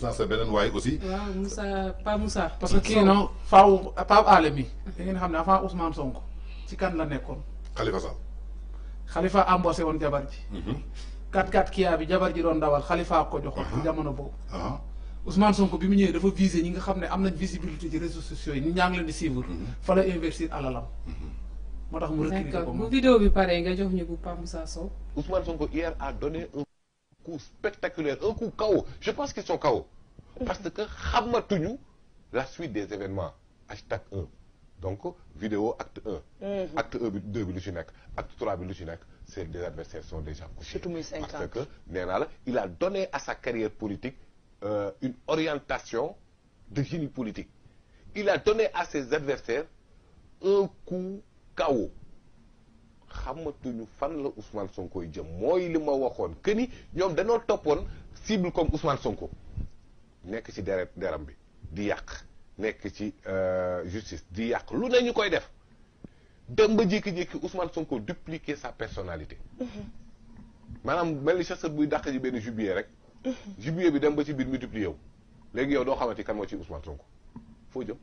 gis naa sa beneen waaye aussi. waaw Moussa pas parce que kii non faaw Pape Alé mi. da ngeen xam ne avant Ousmane Sonko ci kan la nekkoon. Khalifa Sall. Khalifa embauché woon jabar ji. 4-4 mhm. Kia bi jabar ji doon dawal Khalifa ko joxoon. Uh-huh. jamono boobu. Uh-huh. Ousmane Sonko bi mu ñëwee dafa visé ñi nga xam ne am nañ visibilité ci réseaux sociaux yi ñu ngi leen di suivre. Mhm. fa la alalam. Mhm. moo tax mu reculer ko moom bu vidéo bi paree nga jox ñu bu Pape Moussa Sow. Ousmane Sonko hier a coup spectaculaire, un coup chaos. Je pense qu'ils sont chaos. Parce que Hamatouniou, la suite des événements, hashtag 1. Donc, vidéo acte 1. Mhm. acte Acte 1, 2, acte 3, ces deux adversaires sont déjà couchés. Parce que Nénal, il a donné à sa carrière politique euh, une orientation de génie politique. Il a donné à ses adversaires un coup chaos. xamatuñu fan la Ousmane Sonko yi jëm mooy li ma waxoon que ni ñoom danoo toppoon cible comme Ousmane Sonko nekk ci deret deram bi di yàq nekk ci euh, justice di yàq lu ne ñu koy def dem ba jékki-jékki Ousmane Sonko dupliquer sa personnalité. Mm-hmm. maanaam mel ni chasseur buy dàq ji benn gibier rek. Mm-hmm. gibier bi dem ba ci biir multiplier wu léegi yow doo xamante kan moo ci Ousmane Sonko foo jëm.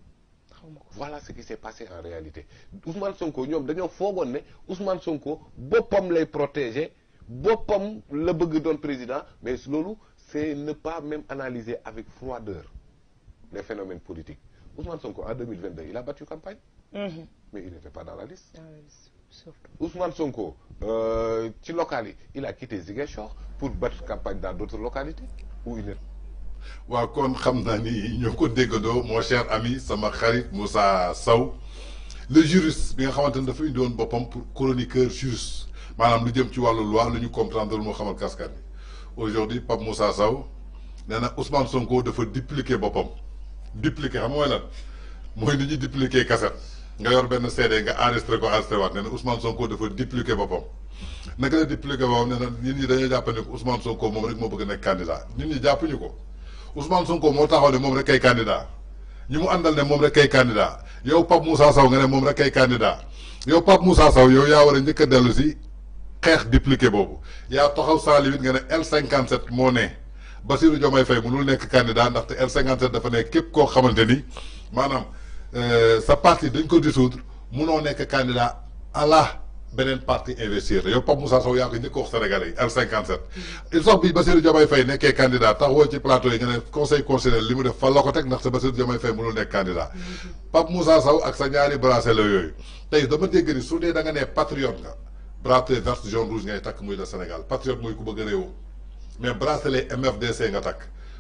voilà ce qui s'est passé en réalité Ousmane Sonko nous avons foogoon que Ousmane Sonko Bopom les protéger Bopom le bëgg d'un président mais loulou, c'est ne pas même analyser avec froideur les phénomènes politiques Ousmane Sonko en 2022 il a battu campagne. Mhm. mais il n'était pas dans la liste. Ah Ousmane Sonko euh, il a quitté Ziguinchor pour battre campagne dans d'autres localités où il wa kon xamna ni ñoko ko déggandoo mon cher ami sama xarit Moussa Sow le juriste bi nga xamantene dafa indi woon bopam pour chroniqueur juriste manam lu jëm ci walu loi lu ñu comprendre mo xamal kaskan bi aujourd'hui pap Moussa Sow nena Ousmane Sonko dafa dupliquer bopam dupliquer xam nga mooy lan mooy ni dupliquer cassette nga yor ben CD nga arresté ko enregistré wat nena Ousmane Sonko dafa dupliquer bopam nak la dupliquer boppam nena na nit ñi dañoo jàpp ne Ousmane Sonko moom rek mo bëgg nekk candidat nit ñi jàppuñu ko. Ousmane Sonko moo taxaw ne moom rek kay candidat ñi mu àndal ne moom rek kay candidat yow Pape Moussa Sow nga ne moom rek kay candidat yow Pape Moussa Sow yow yaa war a njëkk a dellu si xeex dupliqué boobu yaa taxaw sans limite nga ne L57 moo ne Bassirou Diomaye Faye mënul nekk candidat ndaxte l dafa ne képp koo xamante ni maanaam euh, sa parti dañ ko dissoudre noo nekk candidat à la beneen parti investir yow Pape Moussa Sow yaa ko njëkk wax sénégalais yi L57. il sax bi Bassirou Diomaye Faye nekkee candidat taxawoo ci plateau yi nga ne conseil constitutionnel li mu def fan la ko teg ndax sa Bassirou Diomaye Faye mënul nekk candidat. Pape Moussa Sow ak sa ñaari bracelet yooyu tey dama dégg ni su dee da nga nee patriote nga bracelet vert jaune rouge ngay takk muy le Sénégal patriote mooy ku bëgg réewam mais bracelet MFDC nga takk.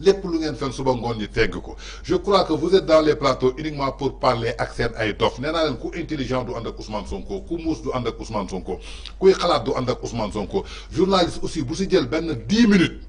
les lu ngeen suba tegg ko je crois que vous êtes dans les plateaux uniquement pour parler accès à ay dof nee naa intelligent du Andak Ousmane Sonko ku muus du Andak Ousmane Sonko kuy xalaat du Andak Ousmane Sonko journaliste aussi bu si jël benn 10 minutes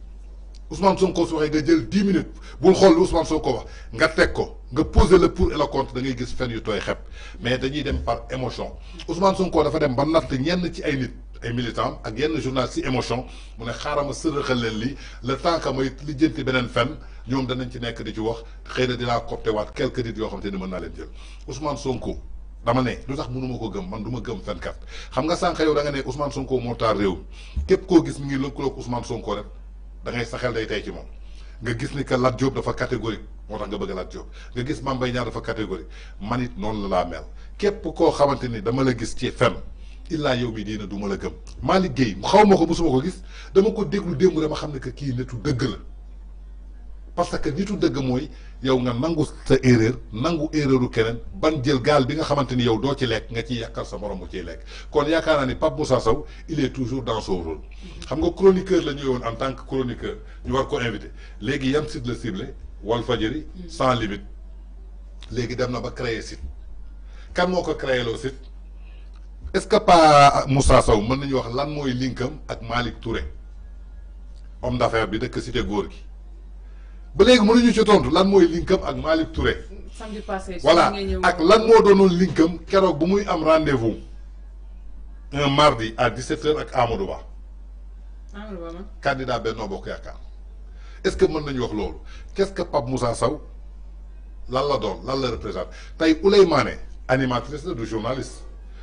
Ousmane Sonko su waxee nga jël minutes bul xool Ousmane Sonko vous nga teg ko nga le pour et le contre da ngay gis fen yu xep mais dañuy dem par émotion Ousmane Sonko dafa dem ba natt ñenn ci ay nit et militants ak yenn journalistes ci émotion je ne xaaral le temps le temps que may lijjanti beneen fenn ñoom danañ ci nekk di ci wax quelques des joueurs je ne pas Ousmane Sonko dama ne lu tax mënuma ko gëm man gëm Ousmane Sonko moo taar réew képp koo gis ngi Ousmane Sonko rek da ngay que Lat job a catégorique catégorie, nga bëgg la job nga gis Mbaye de la laa mel le illaa yow mi diina du ma la gëm maa liggéey xaw ma ko mosuma ko gis dama ko déglu démb dama xam ne que kii nitu dëgg la parce que nitu dëgg mooy yow nga nangu sa erreur nangu erreuru keneen ban jël gaal bi nga xamante ni yow doo ci lekk nga ciy yàqal sa morom mu ciy lekk kon yaakaar naa ni Pape Moussa Sow il est toujours dans son xam nga chroniqueur la ñu woon en tant que chroniqueur ñu war ko invité léegi yam site la ciblé Walfadjri sans limite léegi dem na ba créer site kan ko créé loo est-ce que pas Moussa Sow mën nañu wax lan mooy linkam ak Malick ture homme d'affaires bi dëkk cité góor gi ba léegi ñu ci tontu lan mooy linkam ak Malick ture samedi passé voilà ak lan moo doonoon linkam keroog bu muy am rendez-vous un mardi à 17h ak Amadou Ba. Amadou Ba Bokk Yaakaar est-ce que mën nañu wax loolu qu'est-ce que Pape Moussa Sow lan la doon lan la représente tey Ouleye Mané animatrice la du journaliste.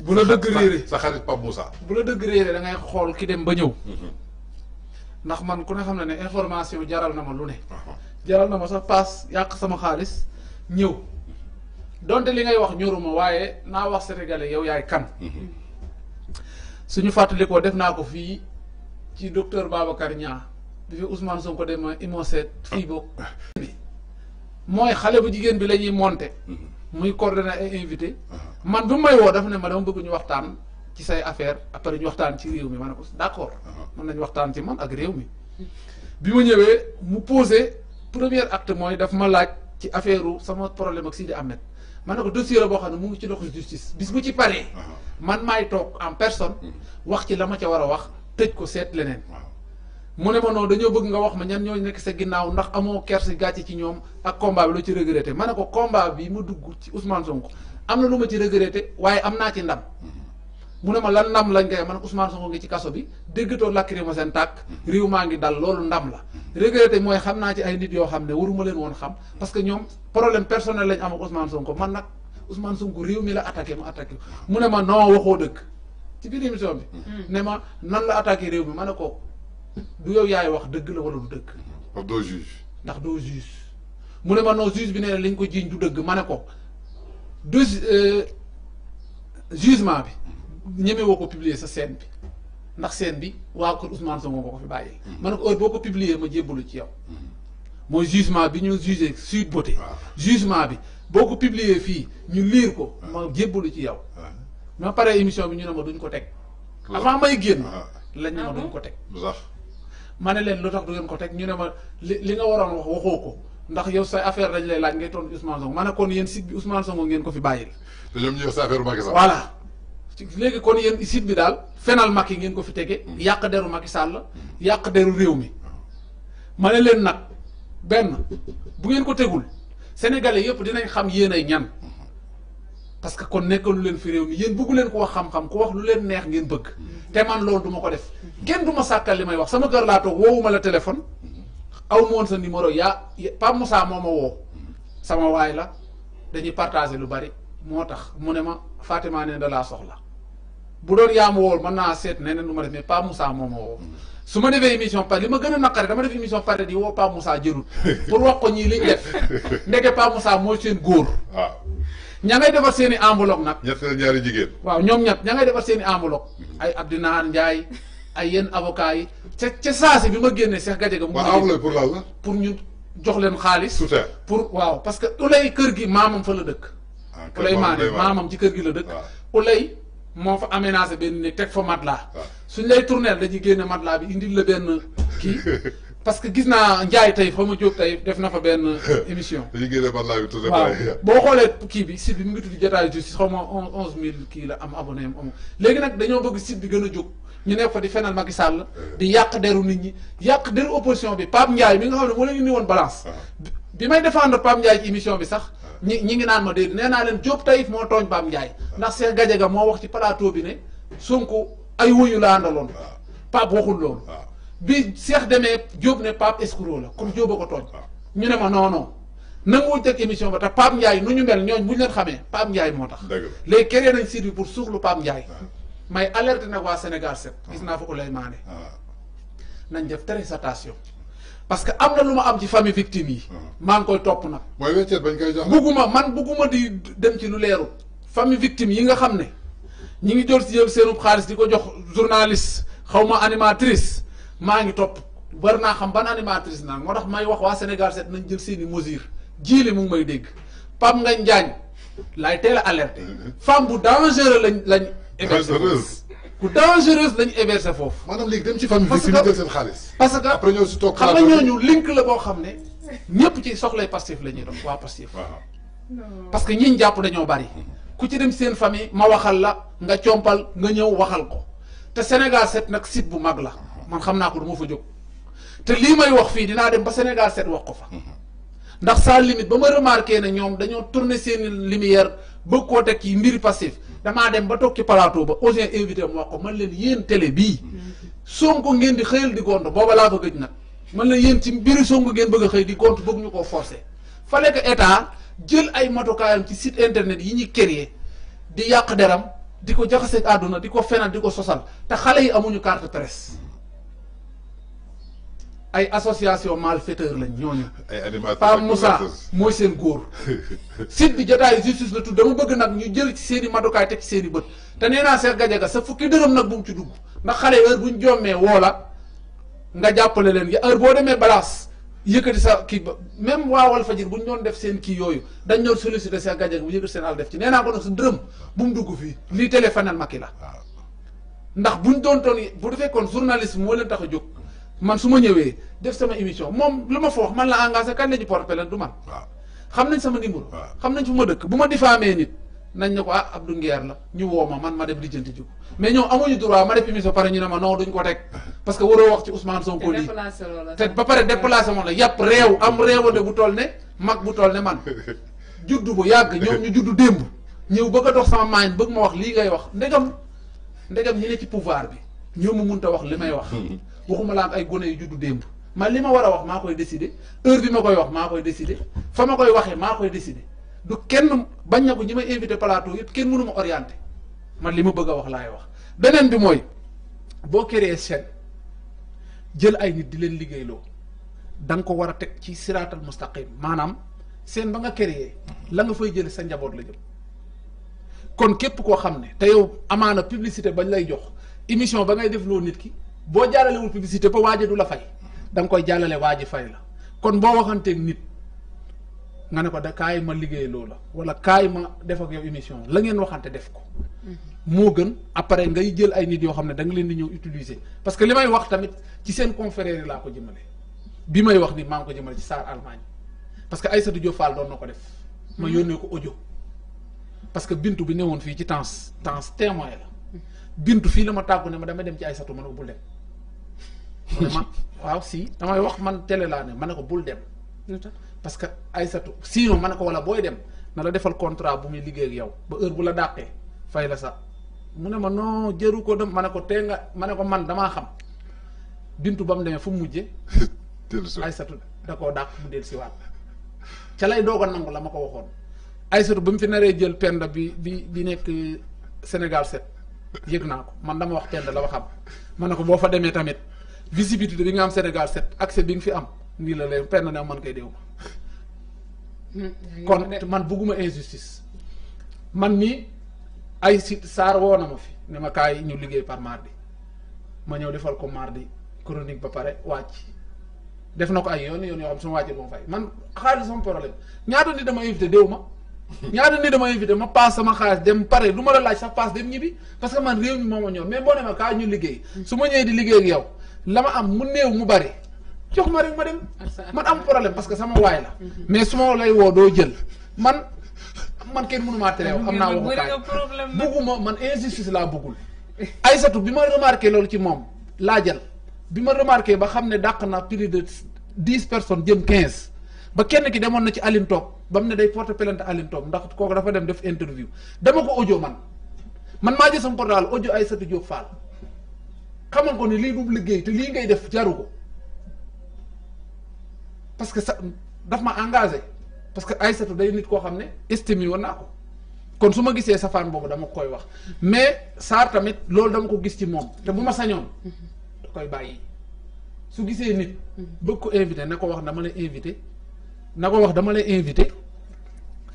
bu la dëgg réeré sa xarit Pape Moussa bu la dëgg réeré da ngay xool ki dem ba ñëw mhm. ndax man ku ne xam ne ne information jaral na ma lu ne jaral na ma sax pass yàq sama xaalis ñëw donte li ngay wax ñoruma waaye naa wax sénégalais yow yaay kan mhm. suñu fàttalikoo def naa ko fii ci docteur Babacar bi fi Ousmane Sonko dem set fii boog ah. mooy xale bu jigéen bi la ñuy monté mhm. muy coordonné ay invité man bu may woo dafa ne ma dama bëgg ñu waxtaan ci say affaire après ñu waxtaan ci réew mi ma ne ko d'accord. Uh-huh. mën nañu waxtaan ci man ak réew mi. bi mu ñëwee mu posé premier acte mooy dafa ma laaj ci affaire sama problème ak am Ahmed ma ne ko dossier la boo xam ne mu ngi ci loxo justice bis bu ci paree. Uh-huh. man maay toog en personne. Mm. wax ci la ma ca war a wax tëj ko seet leneen. mu ne ma noonu dañoo bëgg nga wax ma ñan ñoo nekk sa ginnaaw ndax amoo kersi gàcce ci ñoom ak combat bi ci regretté ma ne ko combat bi mu dugg ci Ousmane Sonko. am na lu ma ci regretté waaye am naa ci ndam mu ne ma lan ndam lañ koy man Ousmane Sonko ngi ci kaso bi déggatoo lacrymogène tàkk réew maa ngi dal loolu ndam la regretté mooy xam naa ci ay nit yoo xam ne waruma leen woon xam parce que ñoom problème personnel lañ am ak Ousmane Sonko man nag Ousmane Sonko réew mi la attaqué ma attaqué mu ne ma non waxoo dëkk ci biir émission bi. Mm. ne ma nan la attaqué réew mi ma ne ko du yow yaay wax dëgg la wala du dëgg. ndax doo juge. mu ne ma non juge bi na liñ ko jiiñ du dëgg ma ne ko. deuxi jugement bi ñeme woo ko publier sa scène bi ndax scène bi waa kër Ousmane Sonko ko fi bàyyee. ma ne ko heure boo ko publier ma jébbalu ci yow. Mm-hmm. mooy jugement bi ñu jugé Sweet Beauté. jugement bi boo ko publier fii ñu liir ko. ma jébbalu ci yow. ma pare émission bi ñu ne ma duñ ko teg. avant may génn. lañ ne ma ah duñ ko teg. ma ne leen lu tax du ngeen ko teg ñu ne ma li li nga waroon wax waxoo ko. ndax yow sa affaire dañ lay laaj ngay tontu Ousmane Sonko ma ne kon yéen site bi Ousmane Sonko ngeen ko fi bàyyil. te ñoom léegi kon yéen site bi daal fenal Macky ngeen ko fi tege. Mm. yàq deru Macky Sall yàq deru réew mi. ma ne leen nag benn bu ngeen ko tegul sénégalais yëpp dinañ xam yéen ay ñan parce que kon nekkalu leen fi réew mi yéen bëggu leen ko wax xam-xam ku wax lu leen neex ngeen bëgg. Mm. te man loolu du ko def. kenn du ma sàkkal li may wax sama kër laa toog woowuma la téléphone. aw mon sa numéro ya, ya pa musa moo wo sama way la dañuy partager lu bari motax munema Fatima ne da la soxla bu doon yaa ma wool mën naa seet neneen lu mais pa musa moo wo suma su émission par li ma gën a dama def émission par di wo pa musa jërul pour wax ko ñi liñ def ndeke pa musa mo seen goor waaw ah. ña ngay defal seen i enveloppe nag ñett ñaari jigéen waaw ñom ñett ña ngay defal seen i enveloppe ay Abdinaan ndjay ay yenn avocats yi ca ca saasi bi ma génnee Cheikh Gadiaga mu ngi pour la ñu jox leen xaalis pour waaw parce que ulay kër gi maamam fa la dëkk ah, ulay maane maamam ci kër gi la dëkk ulay moo fa aménagé benn néeg teg fa matelas suñ lay tourneel dañuy génne matelas bi indil la benn kii parce que gis naa Ndiaye tey fa ma jóg tey def na fa benn émission. dañuy génne matelas bi boo xoolee kii bi site bi mu ngi tudd jotaayu justice xaw ma onze mille kii la am abonné am léegi nag dañoo bëgg site bi gën a jóg ñu nekk fa di fenal Macky Sall di yàq deru nit ñi yàq deru opposition bi Pape Ndiaye mi nga xam ne moo leen indi woon balance ah. bi may défendre Pape Ndiaye ci émission bi sax ñi ñi ngi naan ma déedéet nee naa leen Diop Taïf moo tooñ Pape Ndiaye ah. ndax Cheikh Gadiaga moo wax ci plateau bi ne Sonko ay wuyu la àndaloon ah. Pape waxul loolu bi Cheikh demee Diop ne Pape escroc la kon Diop a ko tooñ ñu ne ma non non nanguwuñ teg émission ba tax Pape Ndiaye nu ñu mel ñooñ bu ñu leen xamee Pape Ndiaye moo tax léegi créé nañ site bi pour lu Pape Ndiaye may alerte na wa senegal set gis na fa Ouleye Mané ah. nañ def très attention parce que amna na am ci famille victime yi ah. maa ngi koy top nak mooy wecceet bañ koy jox buguma man buguma di dem ci lu leeru famille victime yi nga xamné ñi ngi jor ci senu di jox journaliste xawma animatrice ma ngi top war naa xam ban animatrice naan motax may wax wa senegal set nañ jël seeni mesure jili mu ngi may dégg pam nga lay bu dangereux lañ hébergeuse ku dangereuse lañu héberger foofu. maanaam léegi dem ci famille victime jël seen xaalis. parce que après ñoo si toog xam nga ñooñu link la boo xam ne ñëpp ci soxlay Pastef la ñuy dox waa Pastef. parce que ñiñ jàpp dañoo bari. ku ci dem seen famille ma waxal la nga compal nga ñëw waxal ko te Sénégal set nag site bu mag la man xam naa ko du fa jóg te lii may wax fii dinaa dem ba Sénégal set wax ko fa. ndax sans limite ba ma remarqué na ñoom dañoo tourné seen lumière bëgg koo teg ci mbiri Pastef damaa dem ba toog ci plateau ba Ouzin invité ma wax ko man leen yéen télé bii Sonko ngeen di xëyal di gont booba laa fa gëj nag man leen yéen ci mbiri Sonko ngeen bëgg xëy di gont bëgg ñu koo forcé fallait que état jël ay matukaayam ci site internet yi ñuy créer di yàq deram di ko jaxaseeg àdduna di ko fenal di ko sosal te xale yi amuñu carte presse ay association malfaiteur lañ ñooñu. ay animateurs Pa Moussa mooy seen góor. site bi jotaayu justice la tudd dama bëgg nag ñu jël ci seeni i madukaay teg ci seen i bët te nee naa Cheikh sa fukki dërëm nag bu mu ci dugg ndax xale heure bu ñu jommee woo la nga jàppale leen heure boo demee balaas yëkkati sa kii ba même waa Walfadjri bu ñu doon def seen kii yooyu dañ doon sollicité Cheikh Gadiaga bu yëkkati seen àll def ci nee naa ko nag sa dërëm bu mu dugg fii lii téléphone al Macky la. ndax bu ñu doon toon bu fekkoon journaliste moo leen tax a jóg. man suma ñëwé def sama émission mom luma ma fa wax man la engagé kan la ñu porté leen du xam nañ sama numéro. xam nañ fu ma dëkk buma difamé nit. nañ ne ko ah Abdou ngier la ñu woma man ma def lijjanti ju mais ñoo amuñu droit ma def émission paré ñu ne ma non duñ ko tek parce que wara wax ci Ousmane Sonko li té ba paré déplacer moom la yap réew am réew de bu toll né mak bu toll né man juddu bu yag ñoom ñu juddu demb ñew bëgg dox sama maañ bëgg ma wax li ngay wax ndegam ndegam ñi ne ci pouvoir bi ñoo ma munta wax limay wax waxuma la ak ay gone yu juddu démb man li ma war a wax maa koy désidé heure bi ma koy wax maa koy décider fa ma koy waxe maa koy décider du kenn bañ na ko ñi may invité plateau yëpp kenn mënu ma orienté man li ma bëgg a wax laay wax. beneen bi mooy boo créé chaîne jël ay nit di leen liggéeyloo da danga ko war a teg ci siraatal mustaqim maanaam seen ba nga créé la nga fay jëlee sa njaboot la jëm kon képp koo xam ne te yow amaana publicité bañ lay jox émission ba ngay defloo nit ki. boo jaarale wul publicité ba waaje du la fay da koy jàllale waa ji fay la kon boo waxanteeg nit nga ne ko da kaay ma liggéey la wala kaay ma def ak yow émission la ngeen waxante def ko mm-hmm. moo gën après ngay jël ay nit yoo xam ne da nga leen di ñëw utiliser parce que li may wax tamit ci seen confrère laa ko jëmale bi may wax ni maa ngi ko jëmale ci Saar Allemagne parce que Aïssatou Diop Fall doon na ko def ma mm-hmm. yónnee ko audio parce que bintu bi newoon fii ci temps temps témoin la mm-hmm. bintu fii la ma tàggu ne ma dama dem ci Aïssatou ma ne ko bul waaw si damay wax man télé laa ne ma ne ko bul dem. parce que Aysatu sinon ma ne ko wala booy dem na la defal contrat bu muy liggéey ak yow ba heure bu la dàqee fay la sa mu ne ma non jëru ko dem ma ne ko tee nga ma ne ko man damaa xam bintu ba mu demee fu mu mujjee. Aysatu da koo dàq mu del si waat ca lay doog a nangu la ma ko waxoon. Aysatu ba mu fi naree jël penda bi bi bi nekk Sénégal set yëg naa ko man dama wax penda la waxam ma ne ko boo fa demee tamit. visibilité bi nga am Sénégal set accès bi nga fi am nii la lay penn ne man koy déew ma hmm. kon man bugguma injustice man mi ay si saar woo na ma fi ne ma kaay ñu liggéey par mardi ma ñëw defal ko mardi chronique ba pare wàcc def na ko ay yoon yoon yoo xam suma wàccee moom fay man xaalis sama problème ñaata nit dama invité déew ma ñaata nit dama invité ma paas sama xaalis dem pare du ma la laaj sax pass dem ñibbi parce que man réew mi moo ma ñor mais boo ne ma kaay ñu liggéey hmm. su ma ñëwee di liggéey ak yow la ma am mu néew mu bari jox ma rek ma dem. man am problème parce que sama waay la. mais su ma lay woo doo jël man man kenn mënu maa teree am naa waxukaay bugguma man injustice laa buggul. Aysatu bi ma remarqué loolu ci moom laa jël bi ma remarqué ba xam ne dàq na plus de dix personnes jëm quinze. ba kenn ki demoon na ci Aline Top ba mu ne day porte plainte Aline Top ndax kooku dafa dem def interview dama ko audio man man maa jël sama portable audio Aysatu Diop Fall. xamal ko ne lii du liggéey te lii ngay def jaru ko parce que sa daf ma engagé parce que Aïssatou day nit koo xam ne estime woon naa ko kon su ma gisee safaan boobu dama koy wax mais Sarr tamit loolu dama ko gis ci moom te bu ma sañoon da koy bàyyi su gisee nit bëgg ko invité na ko wax dama la invité na ko wax dama la invité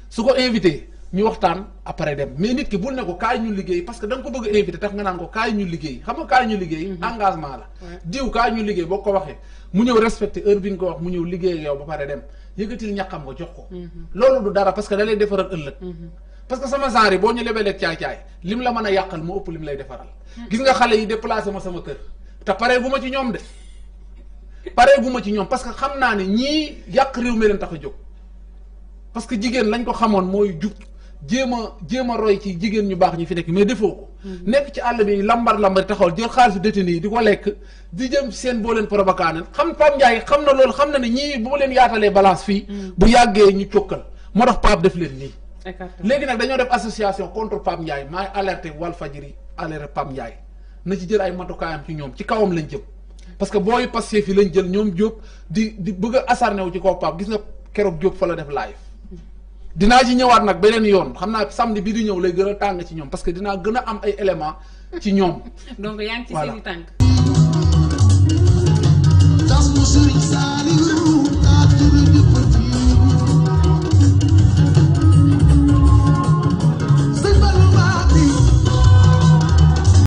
su ko invité ñu waxtaan après dem mais nit ki bu ne ko kay ñu liggéey parce que dang ko bëgg invité tax nga nan ko kay ñu liggéey xam nga kay ñu liggéey mhm. engagement la diw kay ñu liggéey boo ko mu ñew respecter heure biñ ko wax mu ñew liggéey yow ba paré dem yëkkatil ñakam ko jox ko mhm. loolu du dara parce que da lay defaral ëlëk mhm. parce que sama genre bo ñu lebelee caay caay lim la mëna yakal mo upp lim lay defaral gis nga xalé yi déplacer ma sama kër ta paré bu ma ci ñom de paré bu ma ci ñom parce que xamna ni ñi yak yàq réew mi leen tax a parce que jigen lañ ko xamone moy jub jéem a jéem a roy ci jigéen ñu baax ñi fi nekk mais defoo ko. Mm-hmm. nekk ci àll bi lambar lambar taxawal jël xaalisu détenu yi di ko lekk di jëm seen boo leen provocaanal xam Pape Ndiaye xam na loolu xam na ne ñii boo ma leen yaatalee balance fii. Mm. bu yàggee ñu cokkal moo tax Pape def leen nii. léegi nag dañoo def association contre Pape Ndiaye maay alerté Walfadjri alerté Pape Ndiaye na ci jël ay matukaayam ci ñoom ci kawam lañ jëm. parce que booy passé fi lañ jël ñoom Diop di di bëgg a asarnewu ci kaw Pape gis nga keroog Diop fa la def live dinaa ci ñëwaat nag beneen yoon xam naa samedi bi di ñëw lay gën a tàng ci ñoom parce que dinaa gën a am ay éléments ci ñoom. donc yaa ngi ci seen tànk.